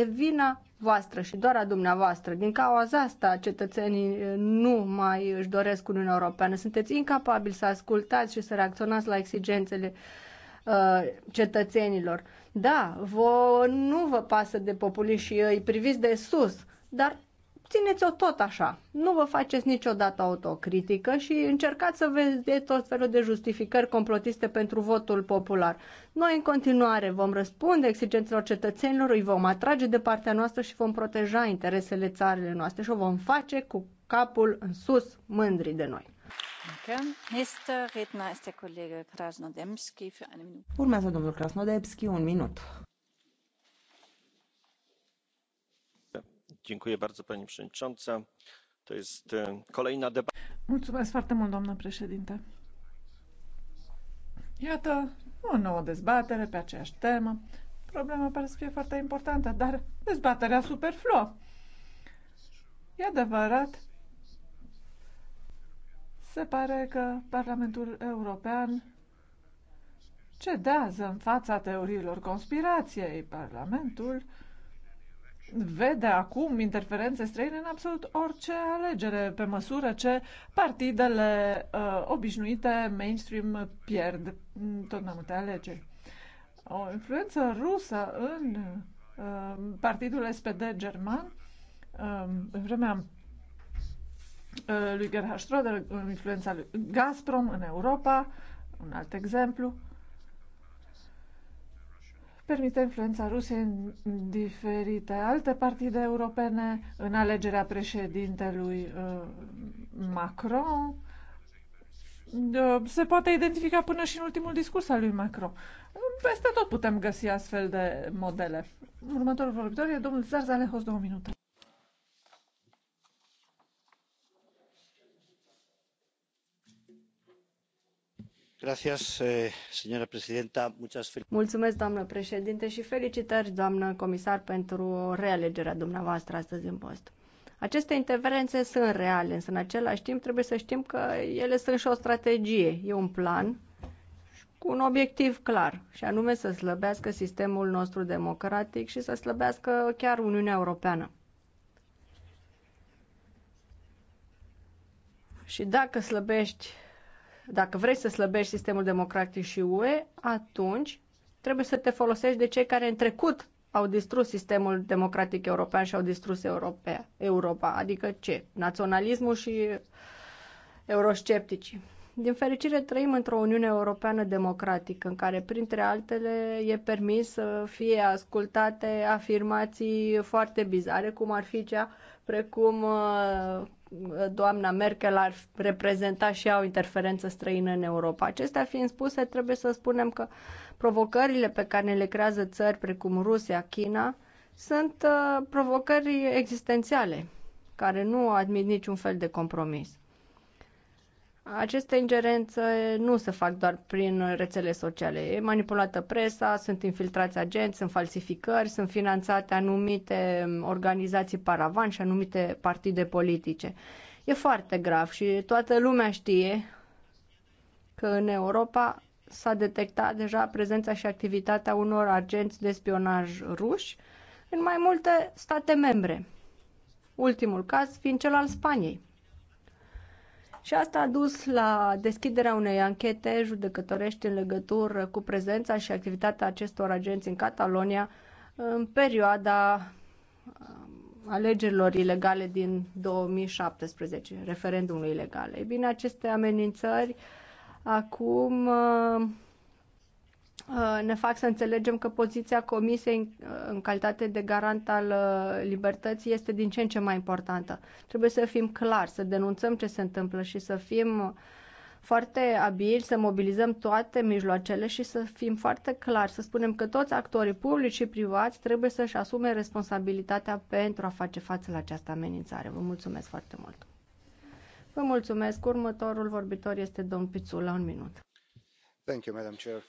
E vina voastră și doar a dumneavoastră. Din cauza asta, cetățenii nu mai își doresc Uniunea Europeană. Sunteți incapabili să ascultați și să reacționați la exigențele uh, cetățenilor. Da, vă, nu vă pasă de populiști și îi priviți de sus, dar țineți-o tot așa. Nu vă faceți niciodată autocritică și încercați să vedeți tot felul de justificări complotiste pentru votul popular. Noi în continuare vom răspunde exigențelor cetățenilor, îi vom atrage de partea noastră și vom proteja interesele țarele noastre și o vom face cu capul în sus, mândri de noi. Urmează domnul Krasnodebski, un minut. Mulțumesc doamnă președinte. Iată, o nouă dezbatere pe aceeași temă. Problema pare să fie foarte importantă, dar dezbaterea superfluă. E adevărat, se pare că Parlamentul European cedează în fața teoriilor conspirației. Parlamentul vede acum interferențe străine în absolut orice alegere, pe măsură ce partidele uh, obișnuite mainstream pierd tot mai multe alegeri. O influență rusă în uh, partidul SPD german, uh, în vremea uh, lui Gerhard Schröder, influența lui Gazprom în Europa, un alt exemplu permite influența Rusiei în diferite alte partide europene, în alegerea președintelui uh, Macron. Uh, se poate identifica până și în ultimul discurs al lui Macron. Peste tot putem găsi astfel de modele. Următorul vorbitor e domnul Zarzalehos, două minute. Eh, Mulțumesc, doamnă președinte, și felicitări, doamnă comisar, pentru realegerea dumneavoastră astăzi în post. Aceste interferențe sunt reale, însă în același timp trebuie să știm că ele sunt și o strategie, e un plan cu un obiectiv clar, și anume să slăbească sistemul nostru democratic și să slăbească chiar Uniunea Europeană. Și dacă slăbești dacă vrei să slăbești sistemul democratic și UE, atunci trebuie să te folosești de cei care în trecut au distrus sistemul democratic european și au distrus Europea, Europa. Adică ce? Naționalismul și euroscepticii. Din fericire, trăim într-o Uniune Europeană democratică, în care, printre altele, e permis să fie ascultate afirmații foarte bizare, cum ar fi cea precum uh, doamna Merkel ar reprezenta și ea o interferență străină în Europa. Acestea fiind spuse, trebuie să spunem că provocările pe care ne le creează țări precum Rusia, China, sunt uh, provocări existențiale, care nu admit niciun fel de compromis. Aceste ingerențe nu se fac doar prin rețele sociale. E manipulată presa, sunt infiltrați agenți, sunt falsificări, sunt finanțate anumite organizații paravan și anumite partide politice. E foarte grav și toată lumea știe că în Europa s-a detectat deja prezența și activitatea unor agenți de spionaj ruși în mai multe state membre. Ultimul caz fiind cel al Spaniei și asta a dus la deschiderea unei anchete judecătorești în legătură cu prezența și activitatea acestor agenți în Catalonia în perioada um, alegerilor ilegale din 2017, referendumului ilegal. Ei bine, aceste amenințări acum uh, Uh, ne fac să înțelegem că poziția Comisiei în uh, calitate de garant al uh, libertății este din ce în ce mai importantă. Trebuie să fim clari, să denunțăm ce se întâmplă și să fim foarte abili, să mobilizăm toate mijloacele și să fim foarte clari, să spunem că toți actorii publici și privați trebuie să-și asume responsabilitatea pentru a face față la această amenințare. Vă mulțumesc foarte mult! Vă mulțumesc! Următorul vorbitor este domnul Pițu, la un minut. Thank you, Madam Chair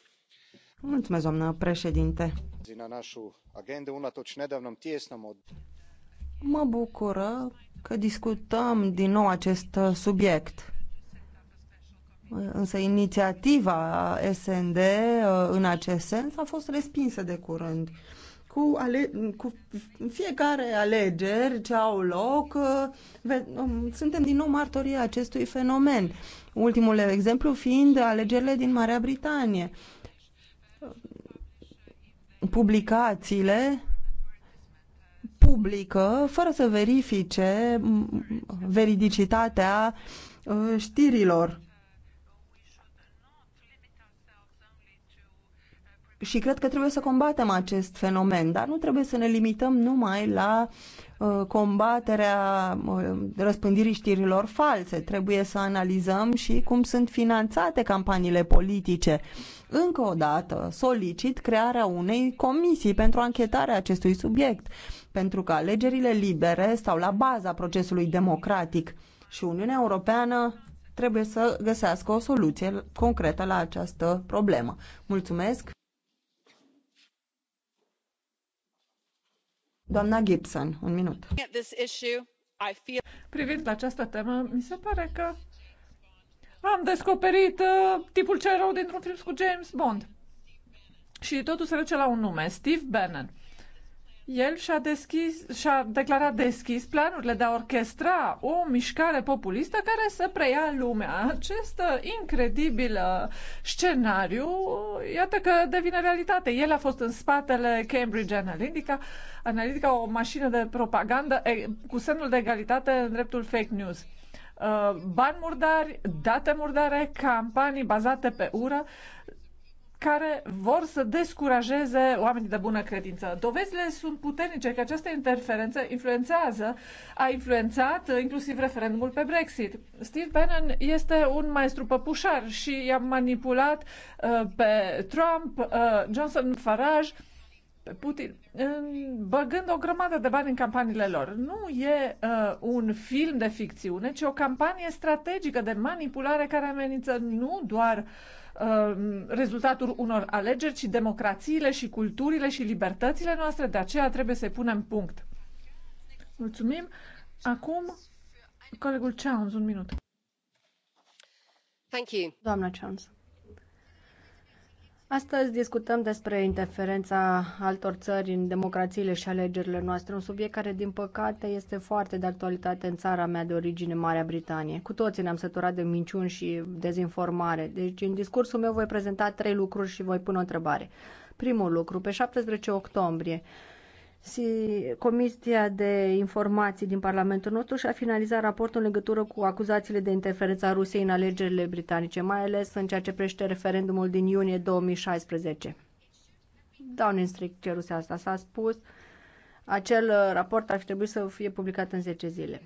Mulțumesc, doamnă președinte. Mă bucură că discutăm din nou acest uh, subiect. Însă inițiativa SND uh, în acest sens a fost respinsă de curând. Cu, ale- cu fiecare alegeri ce au loc, uh, um, suntem din nou martorii acestui fenomen. Ultimul exemplu fiind alegerile din Marea Britanie publicațiile publică fără să verifice veridicitatea uh, știrilor. Și cred că trebuie să combatem acest fenomen, dar nu trebuie să ne limităm numai la Uh, combaterea uh, răspândirii știrilor false. Trebuie să analizăm și cum sunt finanțate campaniile politice. Încă o dată solicit crearea unei comisii pentru anchetarea acestui subiect, pentru că alegerile libere stau la baza procesului democratic și Uniunea Europeană trebuie să găsească o soluție concretă la această problemă. Mulțumesc! Doamna Gibson, un minut. Privind la această temă, mi se pare că am descoperit uh, tipul cel rău dintr-un film cu James Bond. Și totul se duce la un nume, Steve Bannon. El și-a, deschis, și-a declarat deschis planurile de a orchestra o mișcare populistă care să preia lumea. Acest incredibil uh, scenariu, iată că devine realitate. El a fost în spatele Cambridge Analytica, Analytica o mașină de propagandă cu semnul de egalitate în dreptul fake news uh, bani murdari, date murdare, campanii bazate pe ură, care vor să descurajeze oamenii de bună credință. Dovezile sunt puternice că această interferență influențează, a influențat uh, inclusiv referendumul pe Brexit. Steve Bannon este un maestru păpușar și i-a manipulat uh, pe Trump, uh, Johnson Farage, pe Putin, băgând o grămadă de bani în campaniile lor. Nu e uh, un film de ficțiune, ci o campanie strategică de manipulare care amenință nu doar uh, Uh, rezultatul unor alegeri, ci democrațiile și culturile și libertățile noastre. De aceea trebuie să punem punct. Mulțumim. Acum, colegul Chowns, un minut. Thank you. Doamna Chowns. Astăzi discutăm despre interferența altor țări în democrațiile și alegerile noastre, un subiect care, din păcate, este foarte de actualitate în țara mea de origine, Marea Britanie. Cu toții ne-am săturat de minciuni și dezinformare, deci în discursul meu voi prezenta trei lucruri și voi pune o întrebare. Primul lucru, pe 17 octombrie, Comisia de Informații din Parlamentul nostru și-a finalizat raportul în legătură cu acuzațiile de a Rusiei în alegerile britanice, mai ales în ceea ce prește referendumul din iunie 2016. Downing Street ceruse asta, s-a spus. Acel raport ar fi trebuit să fie publicat în 10 zile.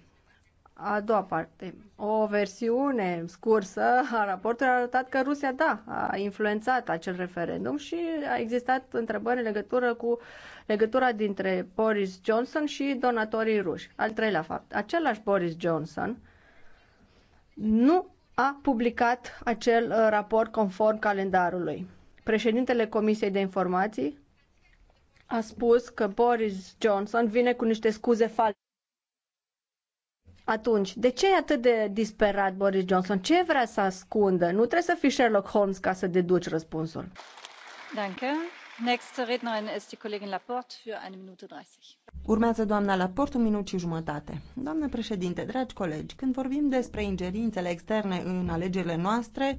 A doua parte. O versiune scursă a raportului a arătat că Rusia, da, a influențat acel referendum și a existat întrebări în legătură cu legătura dintre Boris Johnson și donatorii ruși. Al treilea fapt. Același Boris Johnson nu a publicat acel uh, raport conform calendarului. Președintele Comisiei de Informații a spus că Boris Johnson vine cu niște scuze false. Atunci, de ce e atât de disperat Boris Johnson? Ce vrea să ascundă? Nu trebuie să fii Sherlock Holmes ca să deduci răspunsul. Danke. Nächste Rednerin ist die Kollegin Laporte für 1 Minute 30. Urmează doamna Laporte un minut și jumătate. Doamnă președinte, dragi colegi, când vorbim despre ingerințele externe în alegerile noastre,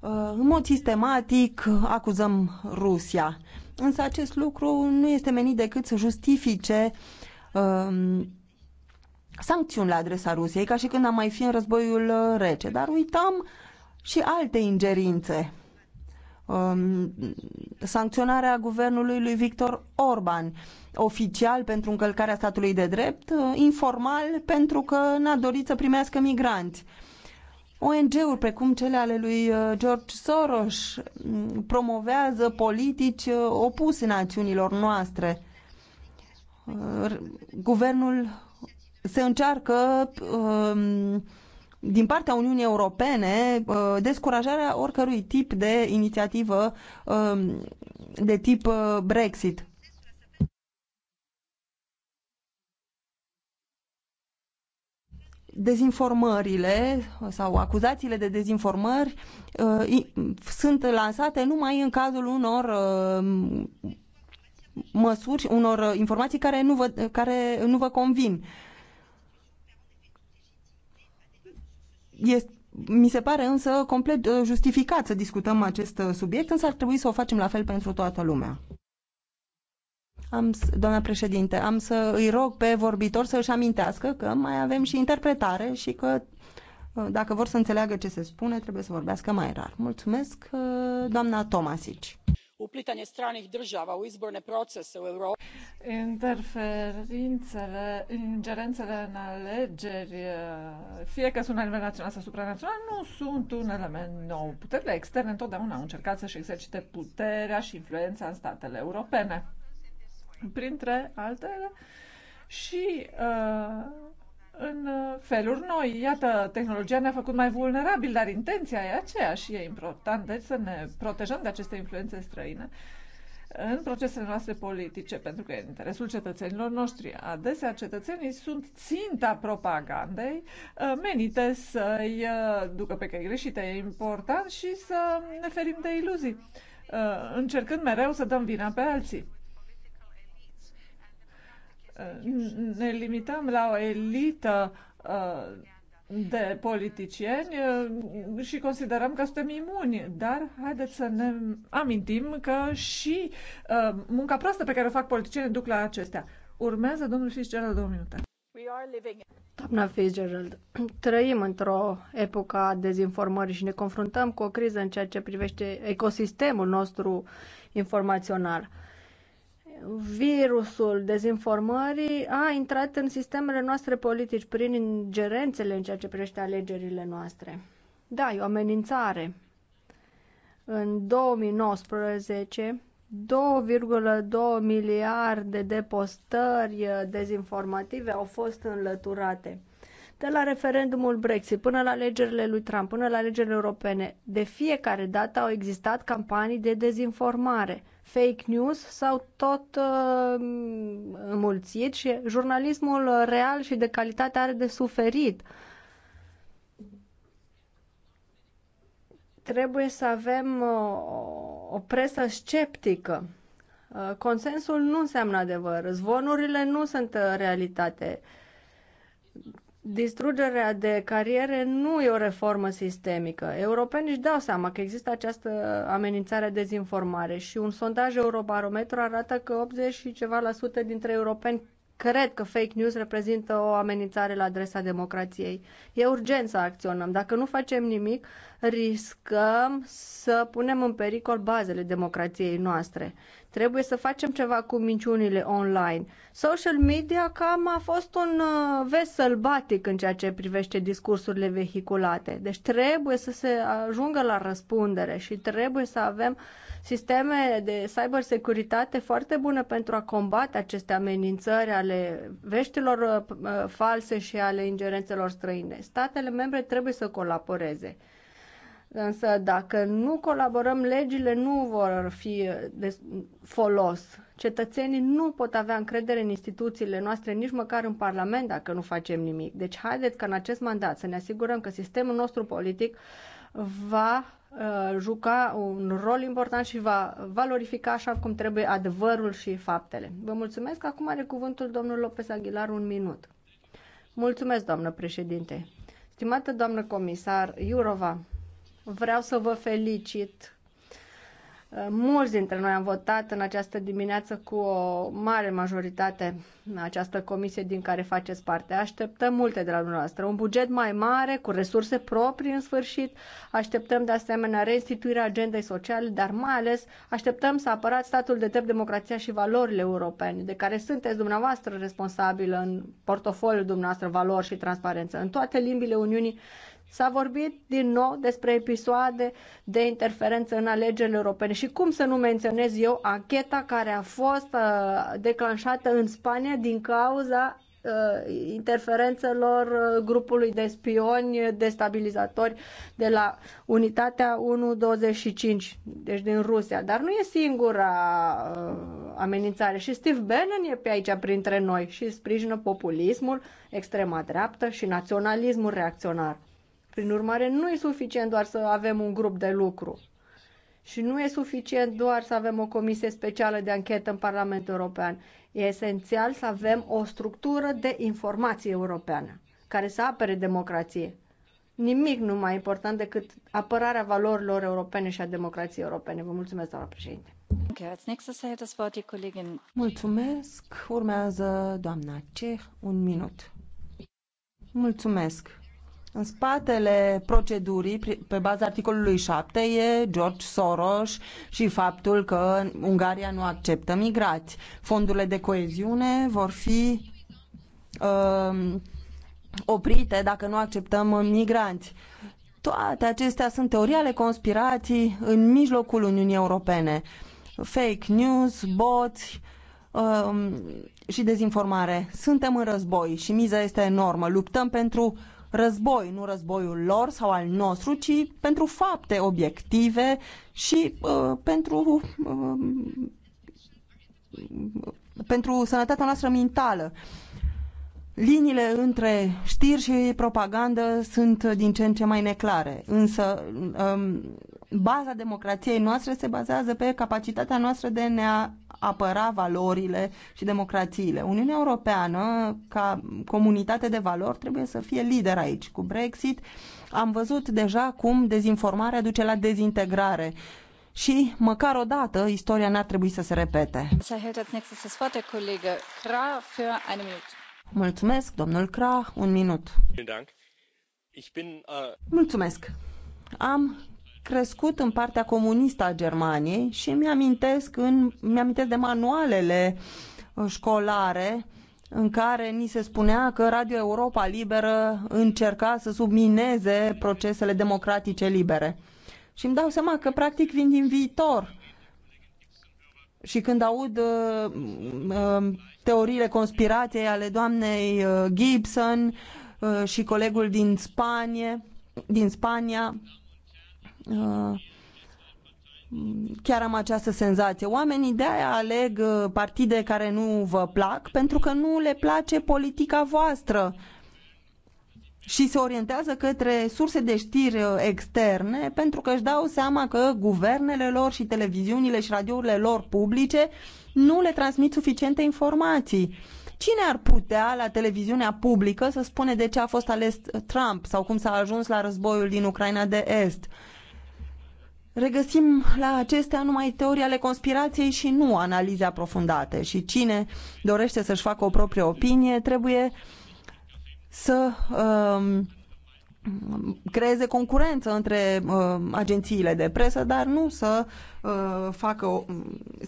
uh, în mod sistematic acuzăm Rusia. Însă acest lucru nu este menit decât să justifice uh, sancțiuni la adresa Rusiei, ca și când am mai fi în războiul uh, rece, dar uităm și alte ingerințe. Um, sancționarea guvernului lui Victor Orban, oficial pentru încălcarea statului de drept, uh, informal pentru că n-a dorit să primească migranți. ONG-uri precum cele ale lui uh, George Soros mm, promovează politici opuse națiunilor noastre. Guvernul se încearcă um, din partea Uniunii Europene uh, descurajarea oricărui tip de inițiativă um, de tip uh, Brexit. dezinformările sau acuzațiile de dezinformări uh, sunt lansate numai în cazul unor um, măsuri, unor informații care nu vă, care nu vă convin. Este, mi se pare însă complet uh, justificat să discutăm acest uh, subiect, însă ar trebui să o facem la fel pentru toată lumea. Am, doamna președinte, am să îi rog pe vorbitor să își amintească că mai avem și interpretare și că uh, dacă vor să înțeleagă ce se spune, trebuie să vorbească mai rar. Mulțumesc, doamna Tomasici uplitanje stranih država u izborne procese u europi interferințele, ingerențele în alegeri, eh, fie că sunt la nivel național sau supranațional, nu sunt un element nou. Puterile externe întotdeauna au încercat să-și exercite puterea și influența în statele europene. Printre altele, și uh, în uh, feluri noi. Iată, tehnologia ne-a făcut mai vulnerabili, dar intenția e aceeași. E important, deci, să ne protejăm de aceste influențe străine în procesele noastre politice, pentru că e în interesul cetățenilor noștri. Adesea cetățenii sunt ținta propagandei uh, menite să-i uh, ducă pe căi greșite. E important și să ne ferim de iluzii, încercând mereu să dăm vina pe alții ne limităm la o elită uh, de politicieni uh, și considerăm că suntem imuni, dar haideți să ne amintim că și uh, munca proastă pe care o fac politicienii duc la acestea. Urmează domnul Fitzgerald două minute. Doamna Fitzgerald, trăim într-o epocă a dezinformării și ne confruntăm cu o criză în ceea ce privește ecosistemul nostru informațional. Uh, virusul dezinformării a intrat în sistemele noastre politici prin ingerențele în ceea ce privește alegerile noastre. Da, e o amenințare. În 2019, 2,2 miliarde de postări uh, dezinformative au fost înlăturate. De la referendumul Brexit până la alegerile lui Trump, până la alegerile europene, de fiecare dată au existat campanii de dezinformare fake news s-au tot uh, înmulțit și jurnalismul real și de calitate are de suferit. Trebuie să avem uh, o presă sceptică. Uh, consensul nu înseamnă adevăr, zvonurile nu sunt uh, realitate. Distrugerea de cariere nu e o reformă sistemică. Europenii își dau seama că există această amenințare de dezinformare și un sondaj Eurobarometru arată că 80 și ceva la sută dintre europeni cred că fake news reprezintă o amenințare la adresa democrației. E urgent să acționăm. Dacă nu facem nimic, riscăm să punem în pericol bazele democrației noastre. Trebuie să facem ceva cu minciunile online. Social media cam a fost un uh, ves sălbatic în ceea ce privește discursurile vehiculate. Deci trebuie să se ajungă la răspundere și trebuie să avem sisteme de cybersecuritate foarte bune pentru a combate aceste amenințări ale veștilor uh, uh, false și ale ingerențelor străine. Statele membre trebuie să colaboreze. Însă dacă nu colaborăm, legile nu vor fi de folos. Cetățenii nu pot avea încredere în instituțiile noastre, nici măcar în Parlament, dacă nu facem nimic. Deci haideți că în acest mandat să ne asigurăm că sistemul nostru politic va uh, juca un rol important și va valorifica așa cum trebuie adevărul și faptele. Vă mulțumesc. Acum are cuvântul domnul Lopez Aguilar un minut. Mulțumesc, doamnă președinte. Stimată doamnă comisar Iurova, Vreau să vă felicit. Uh, mulți dintre noi am votat în această dimineață cu o mare majoritate în această comisie din care faceți parte. Așteptăm multe de la dumneavoastră. Un buget mai mare, cu resurse proprii în sfârșit. Așteptăm de asemenea reinstituirea agendei sociale, dar mai ales așteptăm să apărați statul de drept, democrația și valorile europene, de care sunteți dumneavoastră responsabilă în portofoliul dumneavoastră valori și transparență, în toate limbile Uniunii S-a vorbit din nou despre episoade de interferență în alegerile europene și cum să nu menționez eu ancheta care a fost uh, declanșată în Spania din cauza uh, interferențelor uh, grupului de spioni destabilizatori de la Unitatea 125, deci din Rusia. Dar nu e singura uh, amenințare și Steve Bannon e pe aici printre noi și sprijină populismul, extrema dreaptă și naționalismul reacționar. Prin urmare, nu e suficient doar să avem un grup de lucru și nu e suficient doar să avem o comisie specială de anchetă în Parlamentul European. E esențial să avem o structură de informație europeană care să apere democrație. Nimic nu mai important decât apărarea valorilor europene și a democrației europene. Vă mulțumesc, doamna președinte. Mulțumesc. Urmează doamna Ceh, un minut. Mulțumesc. În spatele procedurii, pe baza articolului 7, e George Soros și faptul că Ungaria nu acceptă migrați. Fondurile de coeziune vor fi uh, oprite dacă nu acceptăm migranți. Toate acestea sunt teorii ale conspirații în mijlocul Uniunii Europene. Fake news, boți, um, și dezinformare. Suntem în război și miza este enormă. Luptăm pentru război, nu războiul lor sau al nostru, ci pentru fapte obiective și uh, pentru uh, pentru sănătatea noastră mentală. Liniile între știri și propagandă sunt din ce în ce mai neclare, însă um, baza democrației noastre se bazează pe capacitatea noastră de ne a apăra valorile și democrațiile. Uniunea Europeană, ca comunitate de valori, trebuie să fie lider aici. Cu Brexit am văzut deja cum dezinformarea duce la dezintegrare și măcar o dată istoria n-ar trebui să se repete. Mulțumesc, domnul Kra, un minut. Äh, Mulțumesc. Am crescut în partea comunistă a Germaniei și mi-amintesc, în, mi-amintesc de manualele uh, școlare în care ni se spunea că Radio Europa Liberă încerca să submineze procesele democratice libere. Și îmi dau seama că practic vin din viitor. Și când aud uh, uh, teoriile conspirației ale doamnei uh, Gibson uh, și colegul din Spanie, din Spania, Uh, chiar am această senzație. Oamenii de aia aleg uh, partide care nu vă plac pentru că nu le place politica voastră și se orientează către surse de știri uh, externe pentru că își dau seama că guvernele lor și televiziunile și radiourile lor publice nu le transmit suficiente informații. Cine ar putea la televiziunea publică să spune de ce a fost ales Trump sau cum s-a ajuns la războiul din Ucraina de Est? regăsim la acestea numai teorii ale conspirației și nu analize aprofundate. Și cine dorește să-și facă o proprie opinie trebuie să um, creeze concurență între uh, agențiile de presă, dar nu să uh, facă o,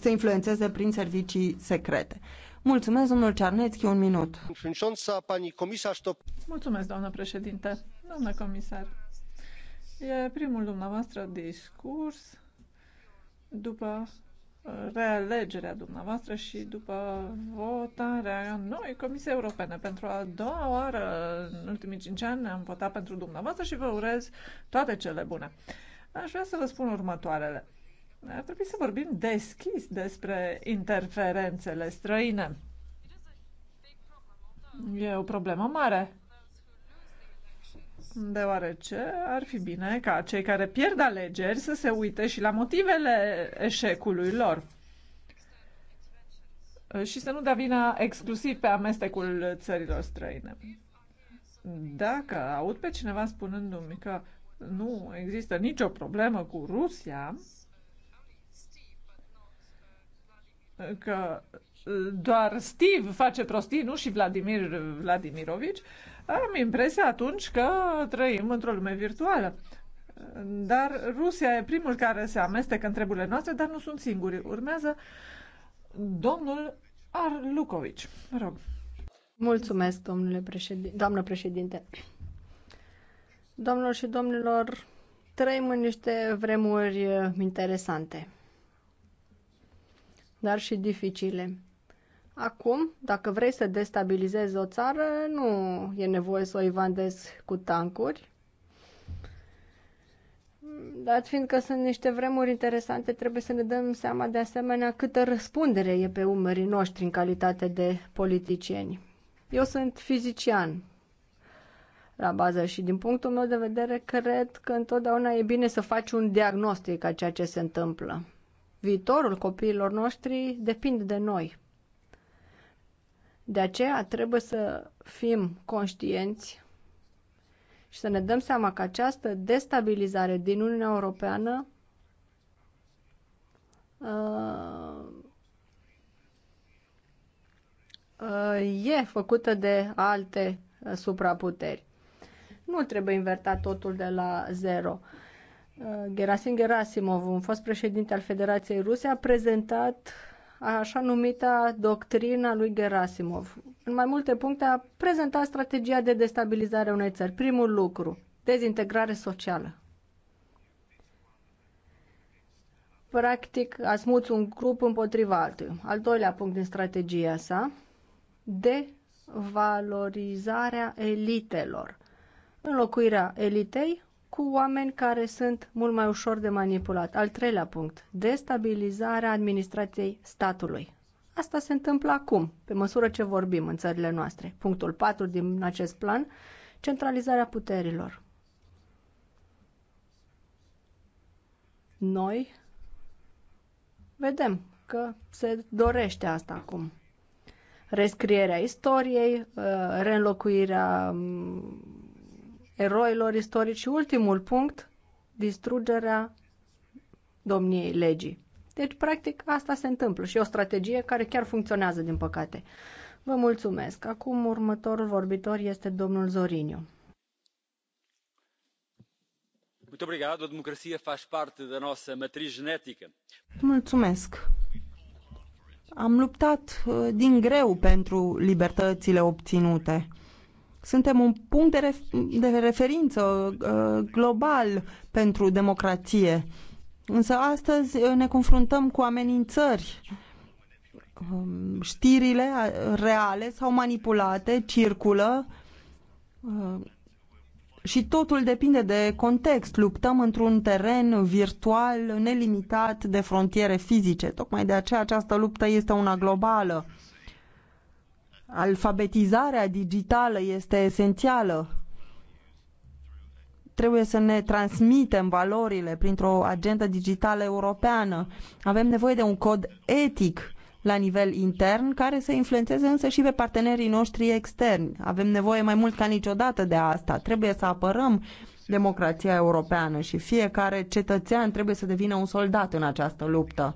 să influențeze prin servicii secrete. Mulțumesc, domnul Cernețchi, un minut. Mulțumesc, doamnă președinte. Doamnă comisar, E primul dumneavoastră discurs după uh, realegerea dumneavoastră și după votarea noi Comisiei Europene. Pentru a doua oară în ultimii cinci ani am votat pentru dumneavoastră și vă urez toate cele bune. Aș vrea să vă spun următoarele. Ar trebui să vorbim deschis despre interferențele străine. E o problemă mare deoarece ar fi bine ca cei care pierd alegeri să se uite și la motivele eșecului lor și să nu dea vina exclusiv pe amestecul țărilor străine. Dacă aud pe cineva spunându-mi că nu există nicio problemă cu Rusia, că doar Steve face prostii, nu și Vladimir Vladimirovici, uh, am impresia atunci că trăim într-o lume virtuală. Dar Rusia e primul care se amestecă în treburile noastre, dar nu sunt singuri. Urmează domnul Arlucovici. Mă rog. Mulțumesc, domnule președinte, doamnă președinte. Domnilor și domnilor, trăim în niște vremuri interesante, dar și dificile. Acum, dacă vrei să destabilizezi o țară, nu e nevoie să o evandezi cu tancuri. Dar fiindcă sunt niște vremuri interesante, trebuie să ne dăm seama de asemenea câtă răspundere e pe umerii noștri în calitate de politicieni. Eu sunt fizician la bază și din punctul meu de vedere cred că întotdeauna e bine să faci un diagnostic a ceea ce se întâmplă. Viitorul copiilor noștri depinde de noi de aceea trebuie să fim conștienți și să ne dăm seama că această destabilizare din Uniunea Europeană uh, uh, e făcută de alte uh, supraputeri. Nu trebuie invertat totul de la zero. Uh, Gerasim Gerasimov, un fost președinte al Federației Ruse, a prezentat uh, așa numita doctrina lui Gerasimov. În mai multe puncte a prezentat strategia de destabilizare a unei țări. Primul lucru, dezintegrare socială. Practic, a smuț un grup împotriva altuia. Al doilea punct din strategia sa, de valorizarea elitelor. Înlocuirea elitei cu oameni care sunt mult mai ușor de manipulat. Al treilea punct, destabilizarea administrației statului. Asta se întâmplă acum, pe măsură ce vorbim în țările noastre. Punctul 4 din acest plan, centralizarea puterilor. Noi vedem că se dorește asta acum. Rescrierea istoriei, uh, reînlocuirea mm, eroilor istorici și ultimul punct, distrugerea domniei legii. Deci, practic, asta se întâmplă și e o strategie care chiar funcționează, din păcate. Vă mulțumesc. Acum următorul vorbitor este domnul Zoriniu. Da mulțumesc. Am luptat uh, din greu pentru libertățile obținute suntem un punct de, ref- de referință uh, global pentru democrație. Însă astăzi uh, ne confruntăm cu amenințări. Um, știrile uh, reale sau manipulate circulă uh, și totul depinde de context. Luptăm într-un teren virtual nelimitat de frontiere fizice. Tocmai de aceea această luptă este una globală. Alfabetizarea digitală este esențială. Trebuie să ne transmitem valorile printr-o agendă digitală europeană. Avem nevoie de un cod etic la nivel intern, care să influențeze însă și pe partenerii noștri externi. Avem nevoie mai mult ca niciodată de asta. Trebuie să apărăm democrația europeană și fiecare cetățean trebuie să devină un soldat în această luptă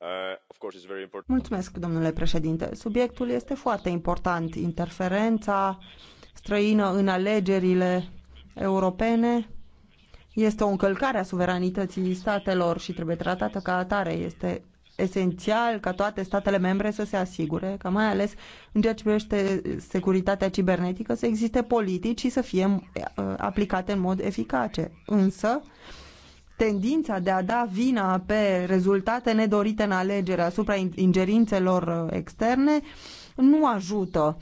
Uh, Mulțumesc, domnule președinte. Subiectul este foarte important. Interferența străină în alegerile europene este o încălcare a suveranității statelor și trebuie tratată ca atare. Este esențial ca toate statele membre să se asigure că, mai ales în ceea ce privește securitatea cibernetică, să existe politici și să fie uh, aplicate în mod eficace. Însă, tendința de a da vina pe rezultate nedorite în alegeri asupra ingerințelor uh, externe nu ajută.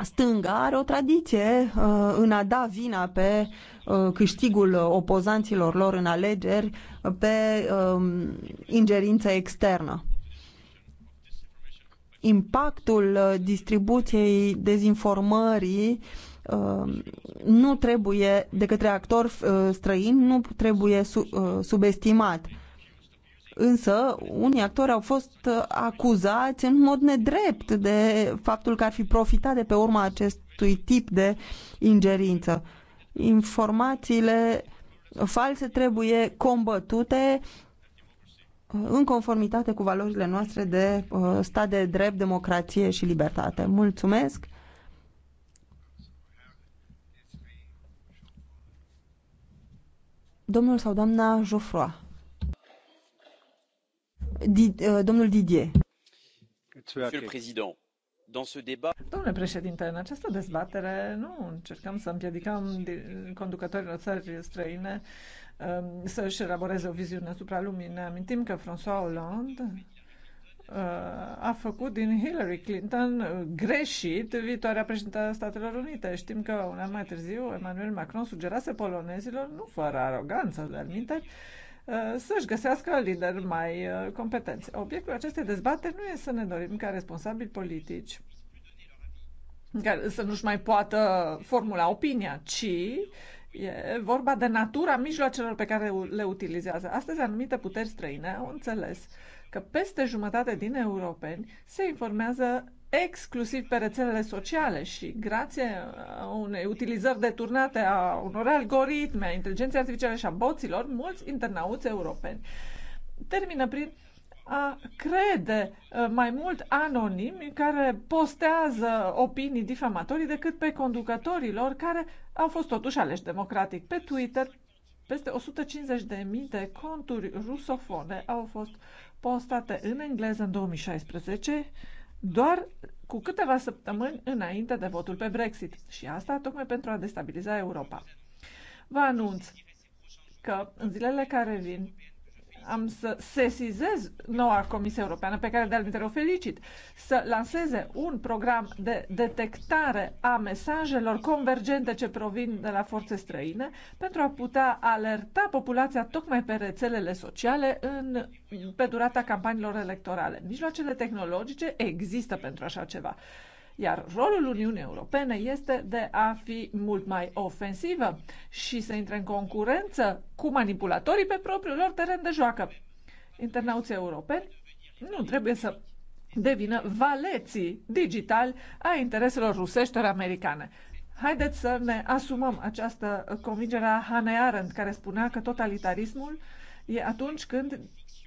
Stânga are o tradiție uh, în a da vina pe uh, câștigul opozanților lor în alegeri pe uh, ingerință externă impactul uh, distribuției dezinformării Um, nu trebuie, de către actor uh, străin, nu trebuie uh, subestimat. Însă, unii actori au fost uh, acuzați în mod nedrept de faptul că ar fi profitat de pe urma acestui tip de ingerință. Informațiile false trebuie combătute în conformitate cu valorile noastre de stat de drept, democrație și libertate. Mulțumesc! Domnul sau doamna Jofroa. Di, uh, domnul Didier. Domnule președinte, în această dezbatere nu încercăm să împiedicăm conducătorilor țări străine um, să își elaboreze o viziune asupra lumii. Ne amintim că François Hollande a făcut din Hillary Clinton greșit viitoarea președintă a Statelor Unite. Știm că un an mai târziu Emmanuel Macron sugerase polonezilor, nu fără aroganță, dar minteri, uh, să-și găsească lideri mai uh, competenți. Obiectul acestei dezbateri nu e să ne dorim ca responsabili politici care să nu-și mai poată formula opinia, ci e vorba de natura mijloacelor pe care le utilizează. Astăzi, anumite puteri străine au înțeles că peste jumătate din europeni se informează exclusiv pe rețelele sociale și grație uh, unei utilizări deturnate a unor algoritme, a inteligenței artificiale și a boților, mulți internauți europeni termină prin a crede uh, mai mult anonimi care postează opinii difamatorii decât pe conducătorilor care au fost totuși aleși democratic. Pe Twitter, peste 150.000 de conturi rusofone au fost postată în engleză în 2016, doar cu câteva săptămâni înainte de votul pe Brexit. Și asta tocmai pentru a destabiliza Europa. Vă anunț că în zilele care vin am să sesizez noua Comisie Europeană, pe care de-al o felicit, să lanseze un program de detectare a mesajelor convergente ce provin de la forțe străine pentru a putea alerta populația tocmai pe rețelele sociale în, pe durata campaniilor electorale. Mijloacele tehnologice există pentru așa ceva. Iar rolul Uniunii Europene este de a fi mult mai ofensivă și să intre în concurență cu manipulatorii pe propriul lor teren de joacă. Internauții europeni nu trebuie să devină valeții digitali a intereselor rusești ori americane. Haideți să ne asumăm această convingere a Hannah Arendt, care spunea că totalitarismul e atunci când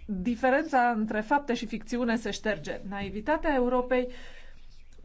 diferența între fapte și ficțiune se șterge. Naivitatea Europei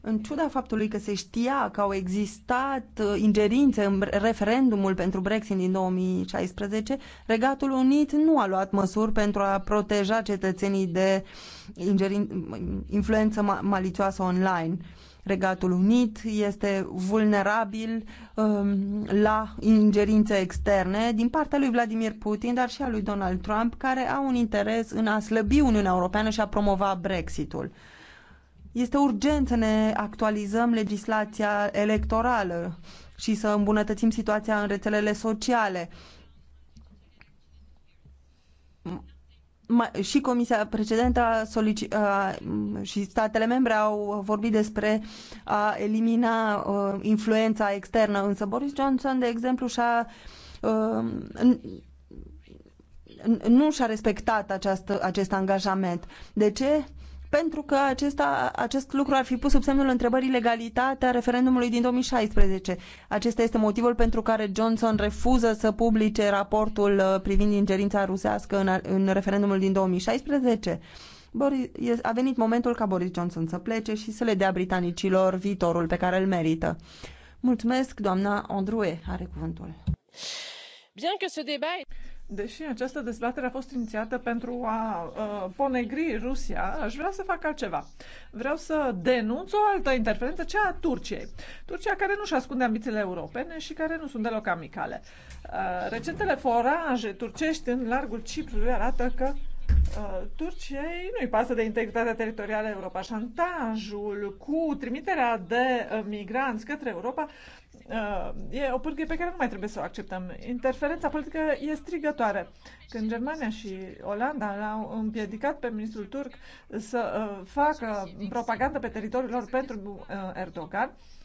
în ciuda faptului că se știa că au existat uh, ingerințe în referendumul pentru Brexit din 2016, Regatul Unit nu a luat măsuri pentru a proteja cetățenii de influență malițioasă online. Regatul Unit este vulnerabil um, la ingerințe externe din partea lui Vladimir Putin, dar și a lui Donald Trump, care au un interes în a slăbi Uniunea Europeană și a promova Brexitul. Este urgent să ne actualizăm legislația electorală și să îmbunătățim situația în rețelele sociale. și Comisia precedentă și statele membre au vorbit despre a elimina influența externă, însă Boris Johnson, de exemplu, și-a nu și-a respectat această, acest angajament. De ce? pentru că acesta, acest lucru ar fi pus sub semnul întrebării legalitatea referendumului din 2016. Acesta este motivul pentru care Johnson refuză să publice raportul uh, privind ingerința rusească în, în referendumul din 2016. Boris, a venit momentul ca Boris Johnson să plece și să le dea britanicilor viitorul pe care îl merită. Mulțumesc, doamna Andrue, are cuvântul. Bien que ce débat Deși această dezbatere a fost inițiată pentru a uh, ponegri Rusia, aș vrea să fac altceva. Vreau să denunț o altă interferență, cea a Turciei. Turcia care nu-și ascunde ambițiile europene și care nu sunt deloc amicale. Uh, recentele foraje turcești în largul Ciprului arată că Turciei nu-i pasă de integritatea teritorială a Europa. Șantajul cu trimiterea de migranți către Europa uh, e o pârghie pe care nu mai trebuie să o acceptăm. Interferența politică e strigătoare. Când Germania și Olanda l-au împiedicat pe ministrul turc să uh, facă propagandă pe teritoriul lor pentru uh, Erdogan, uh,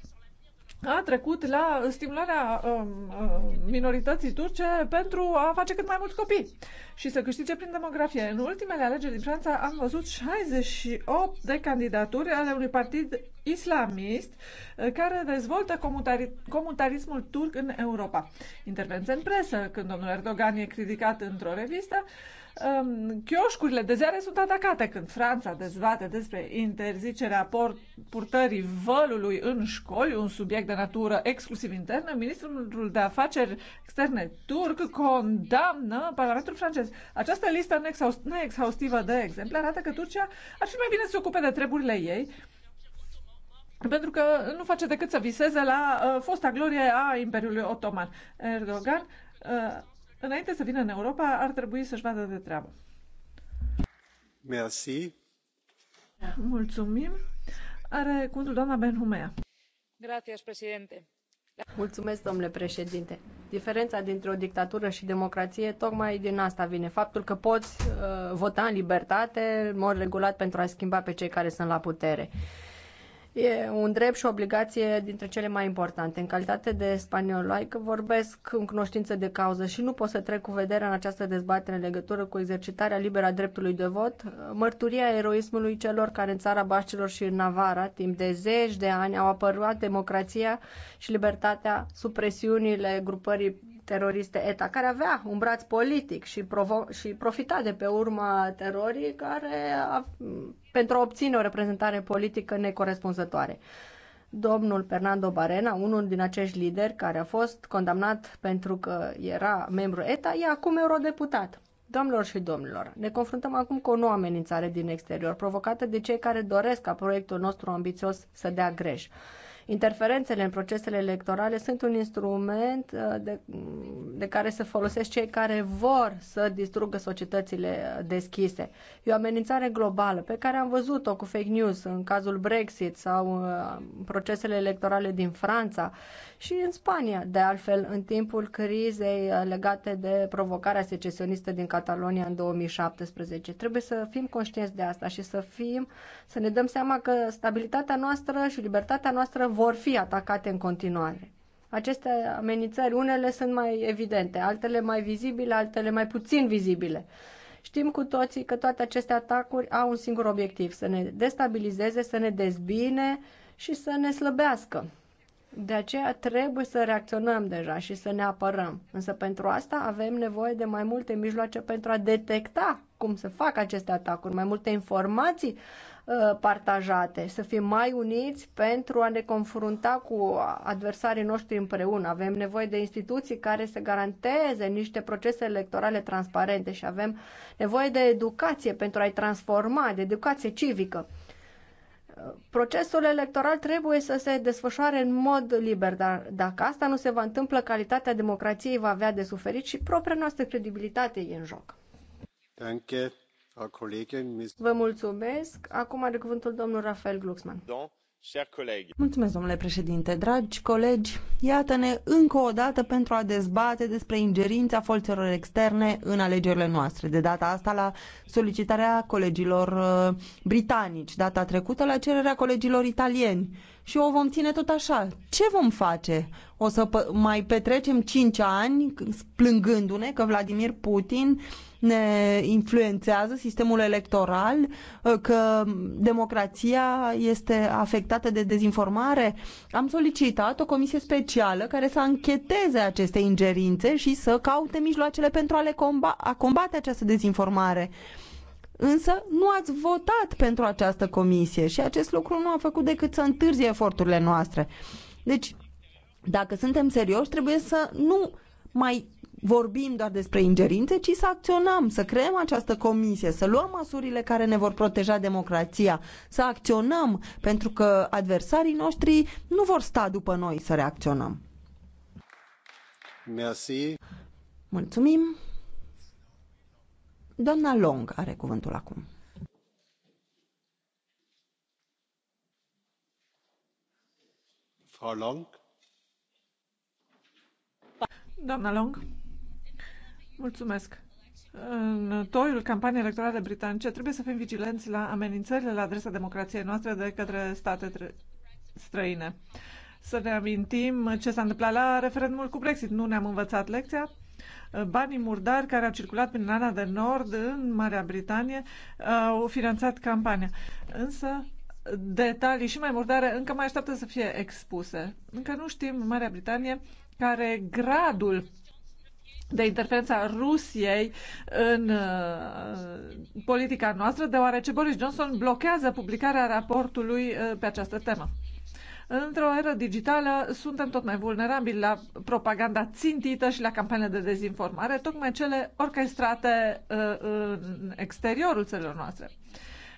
a trecut la stimularea um, uh, minorității turce pentru a face cât mai mulți copii și să câștige prin demografie. În ultimele alegeri din Franța am văzut 68 de candidaturi ale unui partid islamist uh, care dezvoltă comutari- comutarismul turc în Europa. Intervenție în presă, când domnul Erdogan e criticat într-o revistă, uh, chioșcurile de ziare sunt atacate când Franța dezbate despre interzicerea purtării vălului în școli, un subiect de natură exclusiv internă. Ministrul de afaceri externe turc condamnă Parlamentul francez. Această listă neexhaustivă de exemple arată că Turcia ar fi mai bine să se ocupe de treburile ei pentru că nu face decât să viseze la uh, fosta glorie a Imperiului Otoman. Erdogan uh, înainte să vină în Europa, ar trebui să-și vadă de treabă. Merci. Mulțumim. Are cuvântul doamna Benhumea. Grazie, președinte. Mulțumesc, domnule președinte. Diferența dintre o dictatură și democrație tocmai din asta vine. Faptul că poți uh, vota în libertate, în mod regulat, pentru a schimba pe cei care sunt la putere. Uh, E un drept și o obligație dintre cele mai importante. În calitate de laic, vorbesc în cunoștință de cauză și nu pot să trec cu vederea în această dezbatere în legătură cu exercitarea liberă a dreptului de vot, mărturia eroismului celor care în țara Bașcilor și în Navara, timp de zeci de ani, au apărut democrația și libertatea sub presiunile grupării teroriste ETA, care avea un braț politic și, provo- și profita de pe urma terorii care a, pentru a obține o reprezentare politică necorespunzătoare. Domnul Fernando Barena, unul din acești lideri care a fost condamnat pentru că era membru ETA, e acum eurodeputat. Domnilor și domnilor, ne confruntăm acum cu o nouă amenințare din exterior, provocată de cei care doresc ca proiectul nostru ambițios să dea greș. Interferențele în procesele electorale sunt un instrument uh, de, de care se folosesc cei care vor să distrugă societățile deschise. E o amenințare globală pe care am văzut-o cu fake news în cazul Brexit sau uh, procesele electorale din Franța și în Spania, de altfel, în timpul crizei uh, legate de provocarea secesionistă din Catalonia în 2017. Trebuie să fim conștienți de asta și să fim, să ne dăm seama că stabilitatea noastră și libertatea noastră vor fi atacate în continuare. Aceste amenințări, unele sunt mai evidente, altele mai vizibile, altele mai puțin vizibile. Știm cu toții că toate aceste atacuri au un singur obiectiv, să ne destabilizeze, să ne dezbine și să ne slăbească. De aceea trebuie să reacționăm deja și să ne apărăm. Însă pentru asta avem nevoie de mai multe mijloace pentru a detecta cum se fac aceste atacuri, mai multe informații Uh, partajate, să fim mai uniți pentru a ne confrunta cu adversarii noștri împreună. Avem nevoie de instituții care să garanteze niște procese electorale transparente și avem nevoie de educație pentru a-i transforma, de educație civică. Procesul electoral trebuie să se desfășoare în mod liber, dar dacă asta nu se va întâmplă, calitatea democrației va avea de suferit și propria noastră credibilitate e în joc. Danke. Vă mulțumesc. Acum are cuvântul domnul Rafael Glucksmann. Mulțumesc, domnule președinte. Dragi colegi, iată-ne încă o dată pentru a dezbate despre ingerința forțelor externe în alegerile noastre. De data asta la solicitarea colegilor uh, britanici, data trecută la cererea colegilor italieni. Și o vom ține tot așa. Ce vom face? O să mai petrecem 5 ani plângându-ne că Vladimir Putin ne influențează sistemul electoral, că democrația este afectată de dezinformare. Am solicitat o comisie specială care să încheteze aceste ingerințe și să caute mijloacele pentru a, le comba- a combate această dezinformare. Însă nu ați votat pentru această comisie și acest lucru nu a făcut decât să întârzie eforturile noastre. Deci, dacă suntem serioși, trebuie să nu mai vorbim doar despre ingerințe, ci să acționăm, să creăm această comisie, să luăm măsurile care ne vor proteja democrația, să acționăm, pentru că adversarii noștri nu vor sta după noi să reacționăm. Merci. Mulțumim. Doamna Long are cuvântul acum. Frau Long. Doamna Long. Mulțumesc. În toiul campaniei electorale britanice trebuie să fim vigilenți la amenințările la adresa democrației noastre de către state străine. Să ne amintim ce s-a întâmplat la referendumul cu Brexit. Nu ne-am învățat lecția? Banii murdari care au circulat prin Irlanda de Nord în Marea Britanie au finanțat campania. Însă detalii și mai murdare încă mai așteaptă să fie expuse. Încă nu știm în Marea Britanie care gradul de interferența Rusiei în uh, politica noastră, deoarece Boris Johnson blochează publicarea raportului uh, pe această temă. Într-o eră digitală suntem tot mai vulnerabili la propaganda țintită și la campaniile de dezinformare, tocmai cele orchestrate uh, în exteriorul țărilor noastre.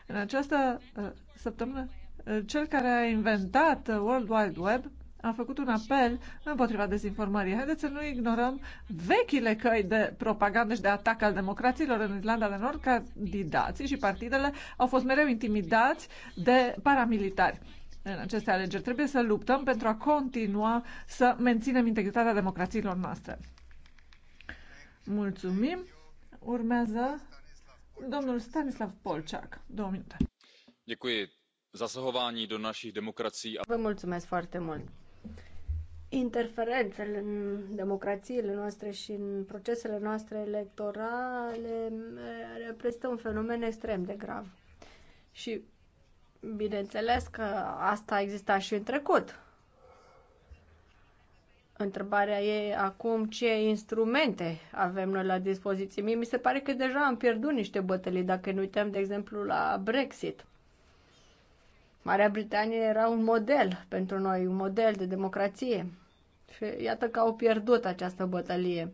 În această uh, săptămână, uh, cel care a inventat World Wide Web a făcut un apel împotriva dezinformării. Haideți să nu ignorăm vechile căi de propagandă și de atac al democrațiilor în Irlanda de Nord. Candidații și partidele au fost mereu intimidați de paramilitari în aceste alegeri. Trebuie să luptăm pentru a continua să menținem integritatea democrațiilor noastre. Mulțumim. Urmează domnul Stanislav Polciak. Două minute. Děkuji. Zasahování do našich demokracií. Vă mulțumesc foarte mult interferențele în democrațiile noastre și în procesele noastre electorale eh, reprezintă un fenomen extrem de grav. Și bineînțeles că asta exista și în trecut. Întrebarea e acum ce instrumente avem noi la dispoziție. Mie mi se pare că deja am pierdut niște bătălii dacă ne uităm, de exemplu, la Brexit. Marea Britanie era un model pentru noi, un model de democrație. Și iată că au pierdut această bătălie.